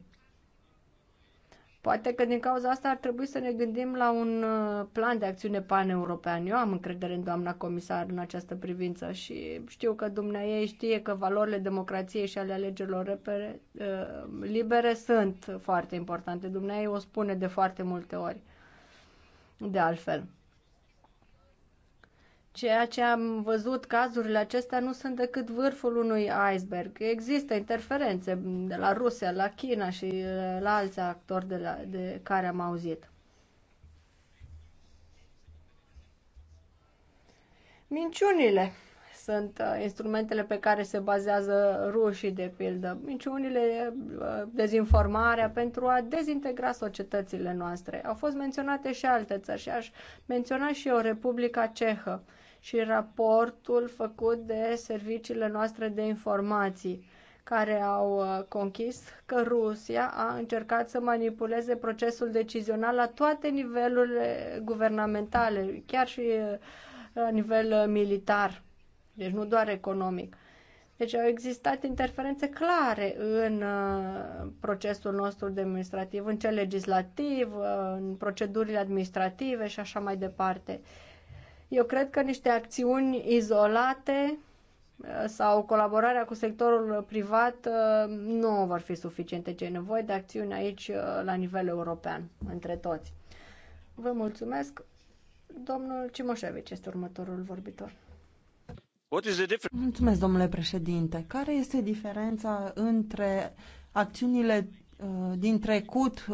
Poate că din cauza asta ar trebui să ne gândim la un uh, plan de acțiune pan-european. Eu am încredere în doamna comisar în această privință și știu că dumneavoastră știe că valorile democrației și ale alegerilor repere, uh, libere sunt foarte importante. Dumneavoastră o spune de foarte multe ori, de altfel. Ceea ce am văzut, cazurile acestea nu sunt decât vârful unui iceberg. Există interferențe de la Rusia, la China și uh, la alți actori de, la, de care am auzit. Minciunile sunt uh, instrumentele pe care se bazează rușii, de pildă. Minciunile, uh, dezinformarea pentru a dezintegra societățile noastre. Au fost menționate și alte țări și aș menționa și eu Republica Cehă și raportul făcut de serviciile noastre de informații care au uh, conchis că Rusia a încercat să manipuleze procesul decizional la toate nivelurile guvernamentale, chiar și uh, la nivel uh, militar, deci nu doar economic. Deci au existat interferențe clare în procesul nostru administrativ, în cel legislativ, în procedurile administrative și așa mai departe. Eu cred că niște acțiuni izolate uh, sau colaborarea cu sectorul privat uh, nu vor fi suficiente. Ce e nevoie de acțiuni aici uh, la nivel european, între toți. Vă mulțumesc. Domnul Cimoșevic este următorul vorbitor. Mulțumesc, domnule președinte. Care este diferența între acțiunile din trecut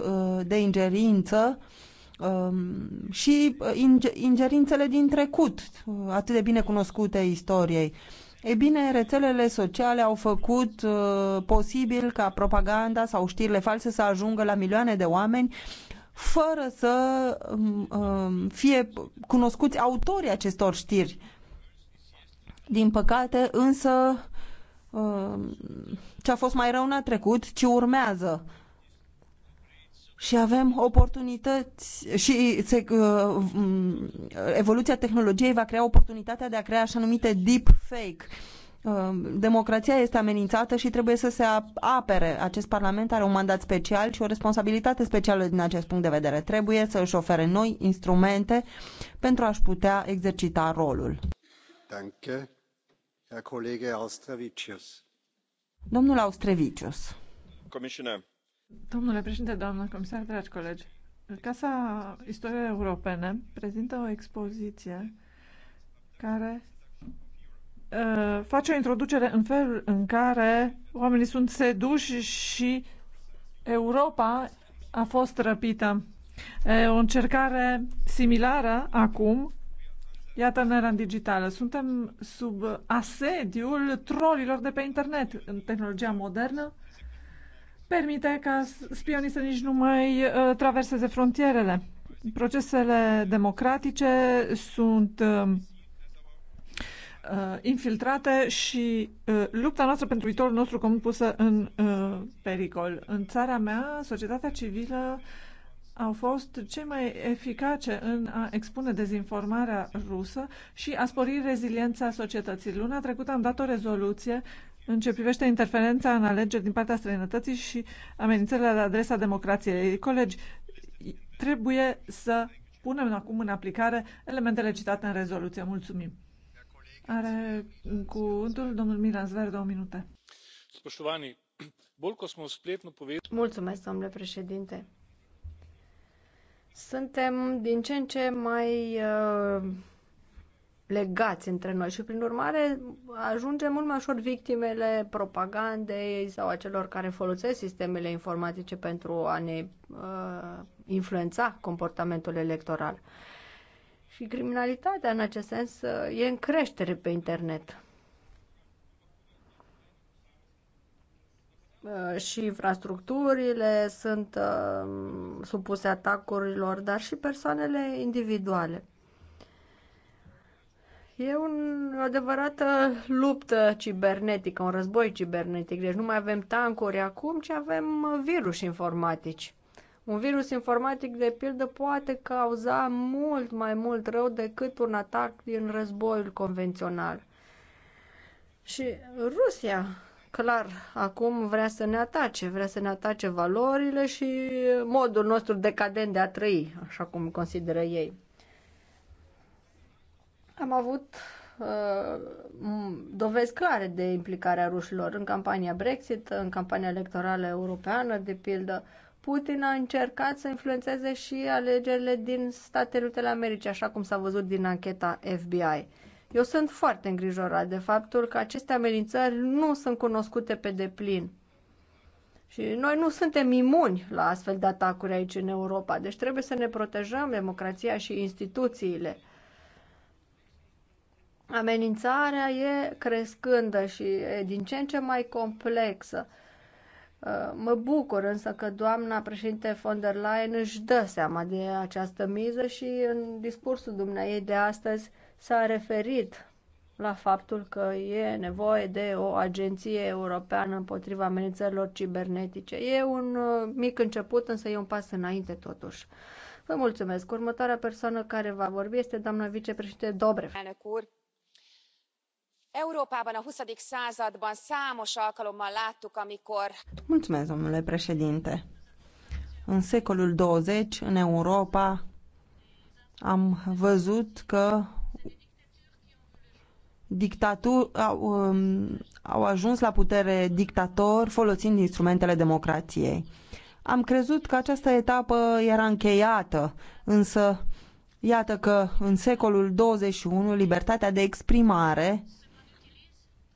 de ingerință Um, și uh, ingerințele din trecut, uh, atât de bine cunoscute istoriei. E bine, rețelele sociale au făcut uh, posibil ca propaganda sau știrile false să ajungă la milioane de oameni fără să um, um, fie cunoscuți autorii acestor știri. Din păcate, însă, ce a fost mai rău n-a trecut, ci urmează și avem oportunități și se, uh, mm, evoluția tehnologiei va crea oportunitatea de a crea așa numite deep fake. Uh, democrația este amenințată și trebuie să se apere. Acest parlament are un mandat special și o responsabilitate specială din acest punct de vedere. Trebuie să își ofere noi instrumente pentru a-și putea exercita rolul. Danke. Herr Kollege Austrevicius. Domnul Austrevicius. Comisioner Domnule președinte, doamnă comisar, dragi colegi, Casa Istoriei Europene prezintă o expoziție care uh, face o introducere în felul în care oamenii sunt seduși și Europa a fost răpită. E o încercare similară acum Iată în era digitală. Suntem sub asediul trolilor de pe internet. În tehnologia modernă permite ca spionii să nici nu mai uh, traverseze frontierele. Procesele democratice sunt um, uh, infiltrate și uh, lupta noastră pentru viitorul nostru comun pusă în uh, pericol. În țara mea, societatea civilă au fost cei mai eficace în a expune dezinformarea rusă și a spori reziliența societății. Luna trecută am dat o rezoluție în ce privește interferența în alegeri din partea străinătății și amenințările la adresa democrației. Colegi, trebuie să punem acum în aplicare elementele citate în rezoluție. Mulțumim. Are cuvântul domnul Milan Zver, două minute. Mulțumesc, domnule președinte. Suntem din ce în ce mai uh, legați între noi și, prin urmare, ajungem mult mai ușor victimele propagandei sau a celor care folosesc sistemele informatice pentru a ne uh, influența comportamentul electoral. Și criminalitatea, în acest sens, uh, e în creștere pe internet. Uh, și infrastructurile sunt uh, supuse atacurilor, dar și persoanele individuale. E o adevărată luptă cibernetică, un război cibernetic. Deci nu mai avem tancuri acum, ci avem virus informatici. Un virus informatic, de pildă, poate cauza mult mai mult rău decât un atac din războiul convențional. Și Rusia, clar, acum vrea să ne atace, vrea să ne atace valorile și modul nostru decadent de a trăi, așa cum consideră ei. Am avut uh, dovezi clare de implicarea rușilor în campania Brexit, în campania electorală europeană, de pildă. Putin a încercat să influențeze și alegerile din Statele Unite ale Americii, așa cum s-a văzut din ancheta FBI. Eu sunt foarte îngrijorat de faptul că aceste amenințări nu sunt cunoscute pe deplin. Și noi nu suntem imuni la astfel de atacuri aici în Europa, deci trebuie să ne protejăm democrația și instituțiile amenințarea e crescândă și e din ce în ce mai complexă. Uh, mă bucur însă că doamna președinte von der Leyen își dă seama de această miză și în discursul dumneai de astăzi s-a referit la faptul că e nevoie de o agenție europeană împotriva amenințărilor cibernetice. E un uh, mic început, însă e un pas înainte totuși. Vă mulțumesc. Următoarea persoană care va vorbi este doamna vicepreședinte Dobrev a Mulțumesc, domnule președinte. În secolul 20, în Europa, am văzut că dictatur, au, um, au ajuns la putere dictator folosind instrumentele democrației. Am crezut că această etapă era încheiată, însă iată că în secolul 21 libertatea de exprimare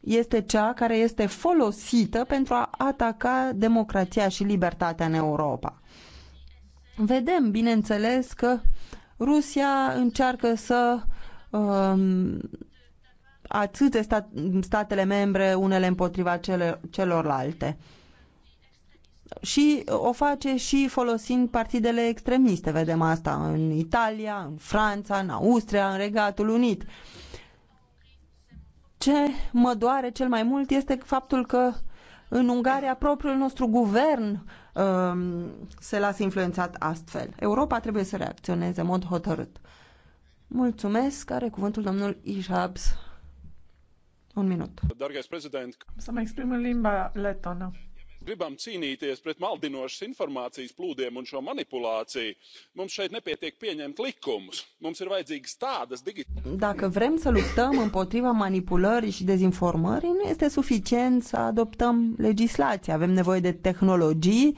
este cea care este folosită pentru a ataca democrația și libertatea în Europa. Vedem, bineînțeles, că Rusia încearcă să um, atâte stat, statele membre, unele împotriva cele, celorlalte. Și o face și folosind partidele extremiste. Vedem asta în Italia, în Franța, în Austria, în Regatul Unit. Uh, ce mă doare cel mai mult este faptul că în Ungaria propriul nostru guvern um, se lasă influențat astfel. Europa trebuie să reacționeze în mod hotărât. Mulțumesc. Are cuvântul domnul Ișabs. Un minut. Să mă exprim în limba letonă gribam cīnīties pret maldinošas informācijas plūdiem un šo manipulāciju mums šeit nepietiek pieņemt likumus mums ir vajadzīgas tādas Dacă vrem să luptăm împotriva manipulării și dezinformării, nu este suficient să adoptăm legislație. Avem nevoie de tehnologii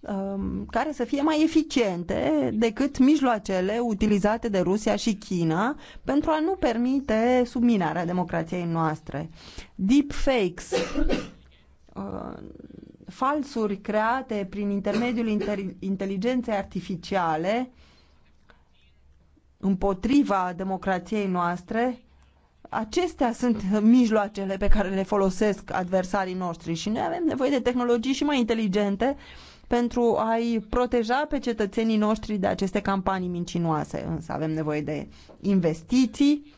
um, care să fie mai eficiente decât mijloacele utilizate de Rusia și China pentru a nu permite subminarea democrației noastre. Deepfakes Uh, falsuri create prin intermediul inteligenței artificiale împotriva democrației noastre, acestea sunt mijloacele pe care le folosesc adversarii noștri și noi avem nevoie de tehnologii și mai inteligente pentru a-i proteja pe cetățenii noștri de aceste campanii mincinoase. Însă avem nevoie de investiții,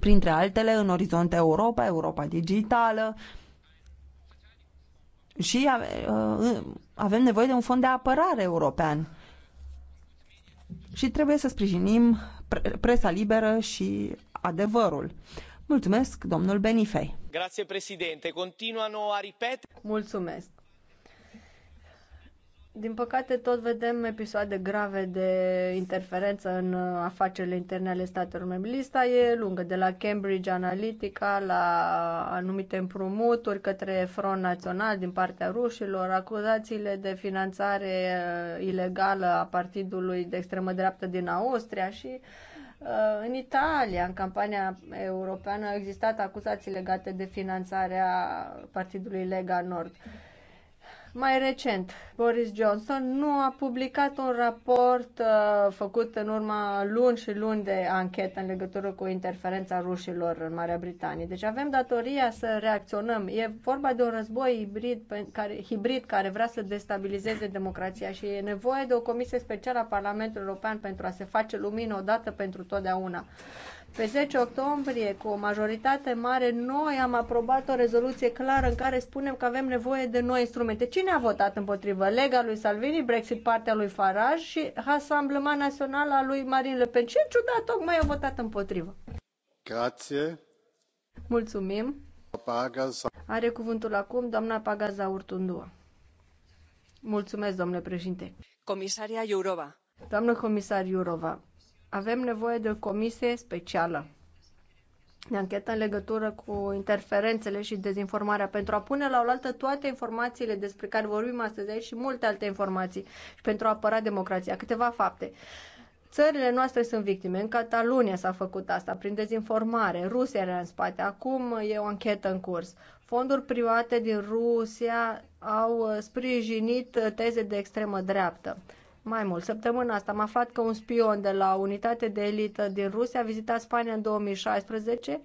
printre altele, în Orizont Europa, Europa Digitală, și uh, avem nevoie de un fond de apărare european. Și trebuie să sprijinim presa liberă și adevărul. Mulțumesc, domnul Benifei. Grație, președinte. Continuă a ripet. Mulțumesc. Din păcate, tot vedem episoade grave de interferență în afacerile interne ale statelor membre. Lista e lungă, de la Cambridge Analytica la anumite împrumuturi către Front Național din partea rușilor, acuzațiile de finanțare uh, ilegală a partidului de extremă dreaptă din Austria și uh, în Italia, în campania europeană, au existat acuzații legate de finanțarea Partidului Lega Nord. Mai recent, Boris Johnson nu a publicat un raport uh, făcut în urma luni și luni de anchetă în legătură cu interferența rușilor în Marea Britanie. Deci avem datoria să reacționăm. E vorba de un război hibrid pe care, hibrid care vrea să destabilizeze democrația și e nevoie de o comisie specială a Parlamentului European pentru a se face lumină odată pentru totdeauna. Pe 10 octombrie, cu o majoritate mare, noi am aprobat o rezoluție clară în care spunem că avem nevoie de noi instrumente. Cine a votat împotrivă? Lega lui Salvini, Brexit partea lui Farage și Asamblema Națională a lui Marine Le Pen. Ce ciudat, tocmai a votat împotrivă. Grație. Mulțumim. Pagaza. Are cuvântul acum doamna Pagaza Urtundua. Mulțumesc, domnule președinte. Comisaria Iurova. Doamnă comisar Iurova, avem nevoie de o comisie specială de anchetă în legătură cu interferențele și dezinformarea pentru a pune la oaltă toate informațiile despre care vorbim astăzi aici și multe alte informații și pentru a apăra democrația. Câteva fapte. Țările noastre sunt victime. În Catalunia s-a făcut asta prin dezinformare. Rusia era în spate. Acum e o anchetă în curs. Fonduri private din Rusia au sprijinit teze de extremă dreaptă. Mai mult, săptămâna asta am aflat că un spion de la unitate de elită din Rusia a vizitat Spania în 2016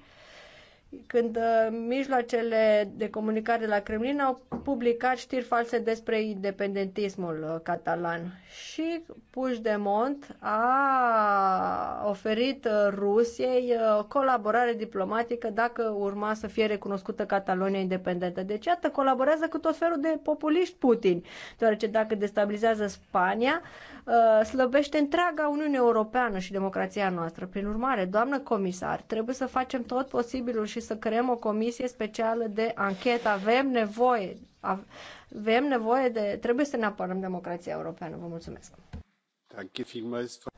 când uh, mijloacele de comunicare la Kremlin au publicat știri false despre independentismul uh, catalan. Și Puigdemont a oferit uh, Rusiei o colaborare diplomatică dacă urma să fie recunoscută Catalonia independentă. Deci, iată, colaborează cu tot felul de populiști Putin, deoarece dacă destabilizează Spania, slăbește întreaga Uniune Europeană și democrația noastră. Prin urmare, doamnă comisar, trebuie să facem tot posibilul și să creăm o comisie specială de anchetă. Avem nevoie, avem nevoie de, trebuie să ne apărăm democrația europeană. Vă mulțumesc.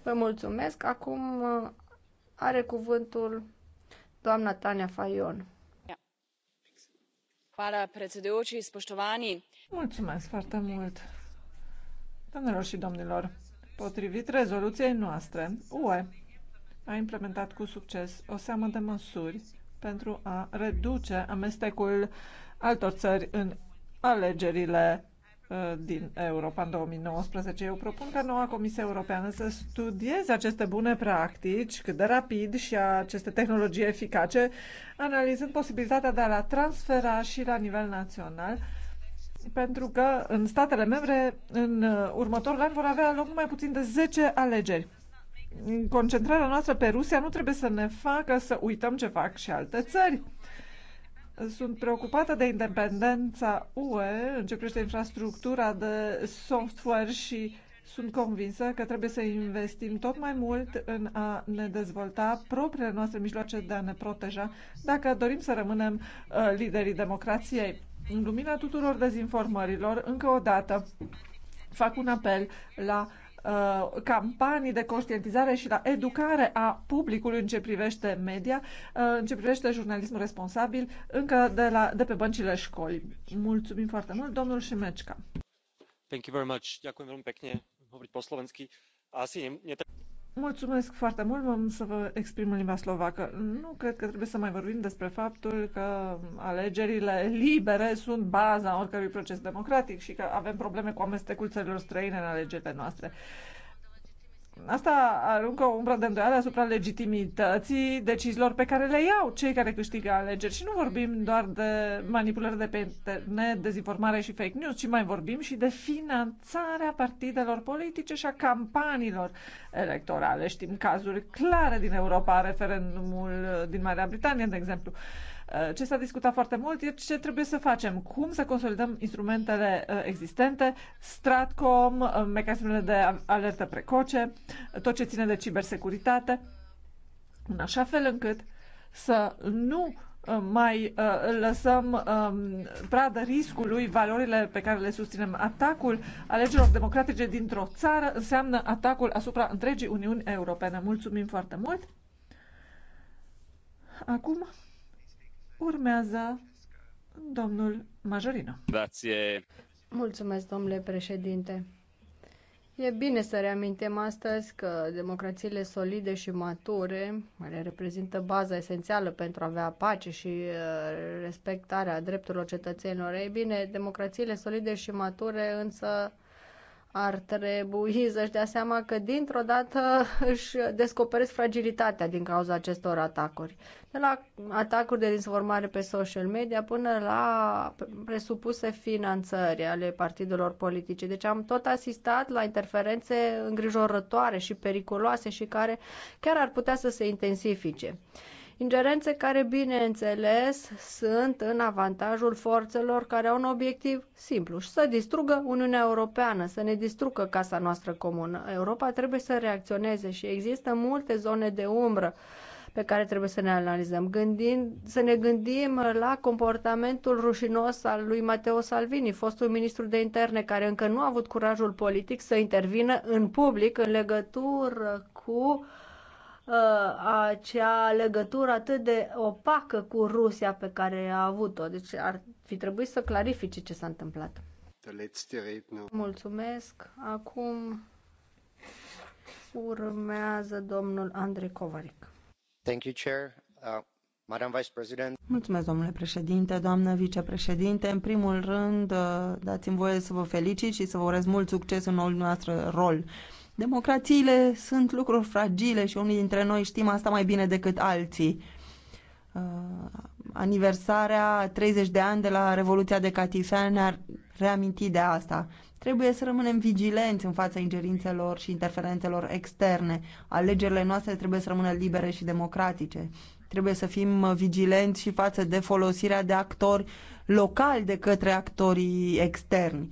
Vă mulțumesc. Acum uh, are cuvântul doamna Tania Faion. Mulțumesc foarte mult. Domnilor și domnilor, potrivit rezoluției noastre, UE a implementat cu succes o seamă de măsuri pentru a reduce amestecul altor țări în alegerile uh, din Europa în 2019. Eu propun ca noua Comisie Europeană să studieze aceste bune practici cât de rapid și aceste tehnologii eficace, analizând posibilitatea de a la transfera și la nivel național, pentru că în statele membre, în uh, următorul an, vor avea loc mai puțin de 10 alegeri concentrarea noastră pe Rusia nu trebuie să ne facă să uităm ce fac și alte țări. Sunt preocupată de independența UE în ce privește infrastructura de software și sunt convinsă că trebuie să investim tot mai mult în a ne dezvolta propriile noastre mijloace de a ne proteja dacă dorim să rămânem uh, liderii democrației. În lumina tuturor dezinformărilor, încă o dată, fac un apel la uh, Uh, campanii de conștientizare și la educare a publicului în ce privește media, uh, în ce privește jurnalismul responsabil, încă de, la, de pe băncile școlii. Mulțumim foarte mult, domnul Șimecica. Thank you very much. Ďakujem veľmi pekne. Hovoriť po slovensky. Asi ne, Mulțumesc foarte mult, am să vă exprim în limba slovacă. Nu cred că trebuie să mai vorbim despre faptul că alegerile libere sunt baza oricărui proces democratic și că avem probleme cu amestecul țărilor străine în alegerile noastre. Uh, Asta aruncă o umbră de îndoială asupra legitimității deciziilor pe care le iau cei care câștigă alegeri. Și nu vorbim doar de manipulări de pe internet, dezinformare și fake news, ci mai vorbim și de finanțarea partidelor politice și a campaniilor electorale. Știm cazuri clare din Europa, referendumul din Marea Britanie, de exemplu. Uh, Uh, ce s-a discutat foarte mult e ce trebuie să facem, cum să consolidăm instrumentele uh, existente, Stratcom, uh, mecanismele de alertă precoce, tot ce ține de cibersecuritate, în așa fel încât să nu mai lăsăm um, pradă riscului valorile pe care le susținem. Atacul alegerilor democratice dintr-o țară înseamnă atacul asupra întregii Uniuni Europene. Mulțumim foarte mult! Acum Urmează domnul Majorino. Grație. Mulțumesc, domnule președinte. E bine să reamintem astăzi că democrațiile solide și mature, care reprezintă baza esențială pentru a avea pace și uh, respectarea drepturilor cetățenilor, e bine, democrațiile solide și mature însă ar trebui să-și dea seama că dintr-o dată își descoperesc fragilitatea din cauza acestor atacuri. De la atacuri de disformare pe social media până la presupuse finanțări ale partidelor politice. Deci am tot asistat la interferențe îngrijorătoare și periculoase și care chiar ar putea să se intensifice. Ingerențe care, bineînțeles, sunt în avantajul forțelor care au un obiectiv simplu și să distrugă Uniunea Europeană, să ne distrugă casa noastră comună. Europa trebuie să reacționeze și există multe zone de umbră pe care trebuie să ne analizăm, gândind, să ne gândim la comportamentul rușinos al lui Matteo Salvini, fostul ministru de interne, care încă nu a avut curajul politic să intervină în public în legătură cu Uh, acea legătură atât de opacă cu Rusia pe care a avut-o. Deci ar fi trebuit să clarifice ce s-a întâmplat. Mulțumesc. Acum urmează domnul Andrei Covaric. Thank you, Chair. Uh... Mulțumesc, domnule președinte, doamnă vicepreședinte. În primul rând, uh, dați-mi voie să vă felicit și să vă urez mult succes în noul noastră rol. Democrațiile sunt lucruri fragile și unii dintre noi știm asta mai bine decât alții. Uh, aniversarea 30 de ani de la Revoluția de Catifea ne a reaminti de asta. Trebuie să rămânem vigilenți în fața ingerințelor și interferențelor externe. Alegerile noastre trebuie să rămână libere și democratice. Trebuie să fim vigilenți și față de folosirea de actori locali de către actorii externi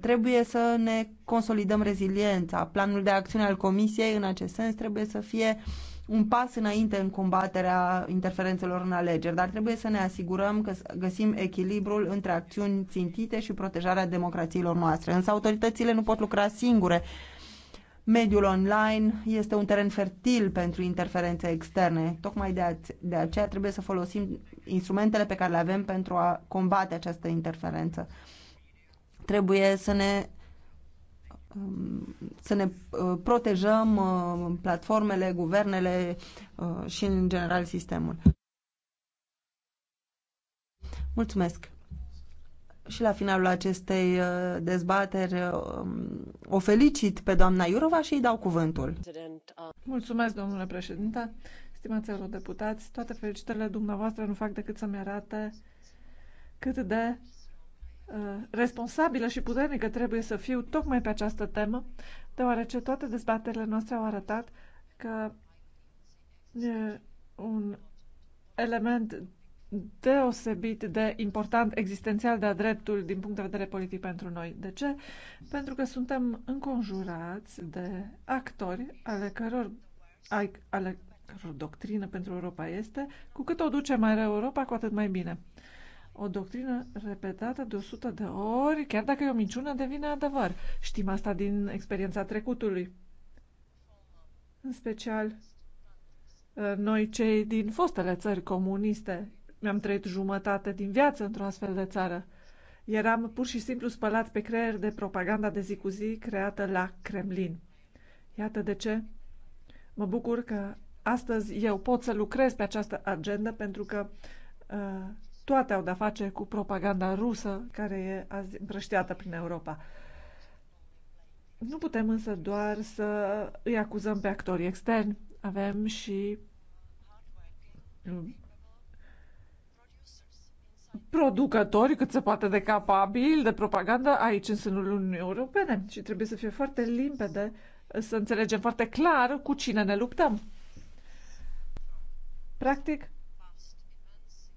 Trebuie să ne consolidăm reziliența. Planul de acțiune al Comisiei în acest sens trebuie să fie un pas înainte în combaterea interferențelor în alegeri, dar trebuie să ne asigurăm că găsim echilibrul între acțiuni țintite și protejarea democrațiilor noastre. Însă autoritățile nu pot lucra singure. Mediul online este un teren fertil pentru interferențe externe. Tocmai de, a, de aceea trebuie să folosim instrumentele pe care le avem pentru a combate această interferență. Trebuie să ne um, să ne uh, protejăm uh, platformele, guvernele uh, și, în general, sistemul. Mulțumesc! Și la finalul acestei dezbateri um, o felicit pe doamna Iurova și îi dau cuvântul. Mulțumesc, domnule președinte! Stimați eurodeputați, toate felicitările dumneavoastră nu fac decât să-mi arate cât de Uh, responsabilă și puternică trebuie să fiu tocmai pe această temă, deoarece toate dezbaterile noastre au arătat că e uh, un element deosebit de important, existențial de-a dreptul din punct de vedere politic pentru noi. De ce? Pentru că suntem înconjurați de actori ale căror, ale căror doctrină pentru Europa este cu cât o duce mai rău Europa, cu atât mai bine. O doctrină repetată de 100 de ori, chiar dacă e o minciună, devine adevăr. Știm asta din experiența trecutului. În special, ă, noi cei din fostele țări comuniste, mi-am trăit jumătate din viață într-o astfel de țară. Eram pur și simplu spălat pe creier de propaganda de zi cu zi creată la Kremlin. Iată de ce mă bucur că astăzi eu pot să lucrez pe această agendă pentru că uh, toate au de-a face cu propaganda rusă care e azi împrăștiată prin Europa. Nu putem însă doar să îi acuzăm pe actorii externi. Avem și mm, producători cât se poate de capabili de propagandă aici în sânul Uniunii Europene și trebuie să fie foarte limpede, să înțelegem foarte clar cu cine ne luptăm. Practic,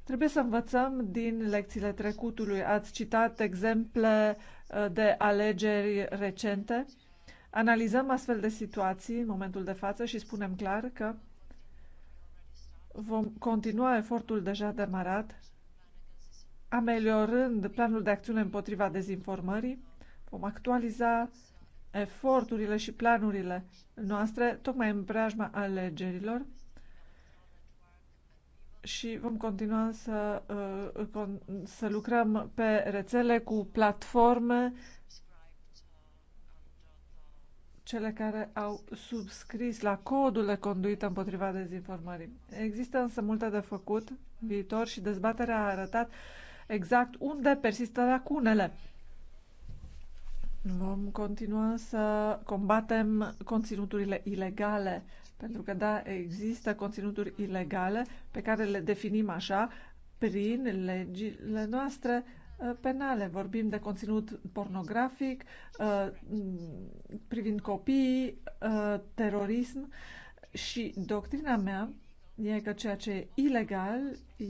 Trebuie să învățăm din lecțiile trecutului. Ați citat exemple uh, de alegeri recente. Analizăm astfel de situații în momentul de față și spunem clar că vom continua efortul deja demarat, ameliorând planul de acțiune împotriva dezinformării, vom actualiza eforturile și planurile noastre tocmai în preajma alegerilor și vom continua să, uh, să lucrăm pe rețele cu platforme, cele care au subscris la codul de conduită împotriva dezinformării. Există însă multe de făcut viitor și dezbaterea a arătat exact unde persistă lacunele. Vom continua să combatem conținuturile ilegale pentru că, da, există conținuturi ilegale pe care le definim așa prin legile noastre uh, penale. Vorbim de conținut pornografic, uh, privind copii uh, terorism și doctrina mea e că ceea ce e ilegal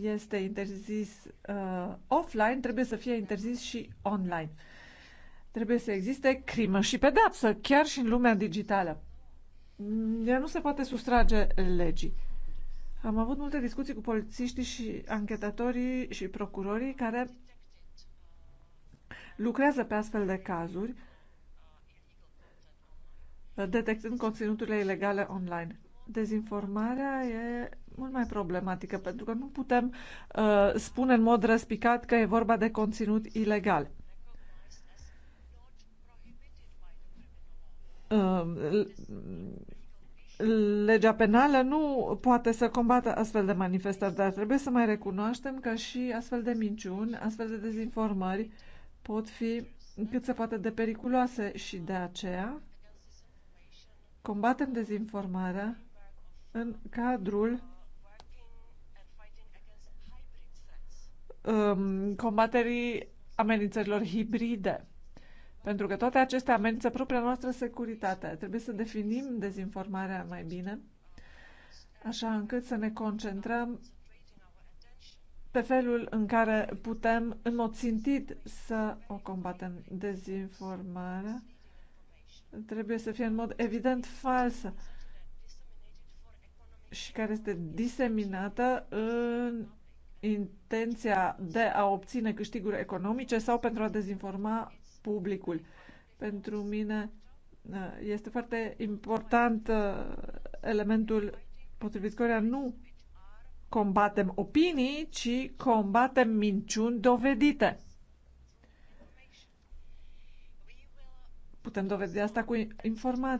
este interzis uh, offline, trebuie să fie interzis și online. Trebuie să existe crimă și pedapsă, chiar și în lumea digitală ea nu se poate sustrage legii. Am avut multe discuții cu polițiștii și anchetatorii și procurorii care lucrează pe astfel de cazuri, detectând conținuturile ilegale online. Dezinformarea e mult mai problematică, pentru că nu putem uh, spune în mod răspicat că e vorba de conținut ilegal. Uh, legea penală nu poate să combată astfel de manifestări, dar trebuie să mai recunoaștem că și astfel de minciuni, astfel de dezinformări pot fi cât se poate de periculoase și de aceea combatem dezinformarea în cadrul um, combaterii amenințărilor hibride. Pentru că toate acestea amenință propria noastră securitate. Trebuie să definim dezinformarea mai bine, așa încât să ne concentrăm pe felul în care putem, în mod țintit, să o combatem. Dezinformarea trebuie să fie în mod evident falsă și care este diseminată în intenția de a obține câștiguri economice sau pentru a dezinforma publicul. Pentru mine uh, este foarte important uh, elementul potrivit căruia nu combatem opinii, ci combatem minciuni dovedite. Putem dovedi asta cu informații.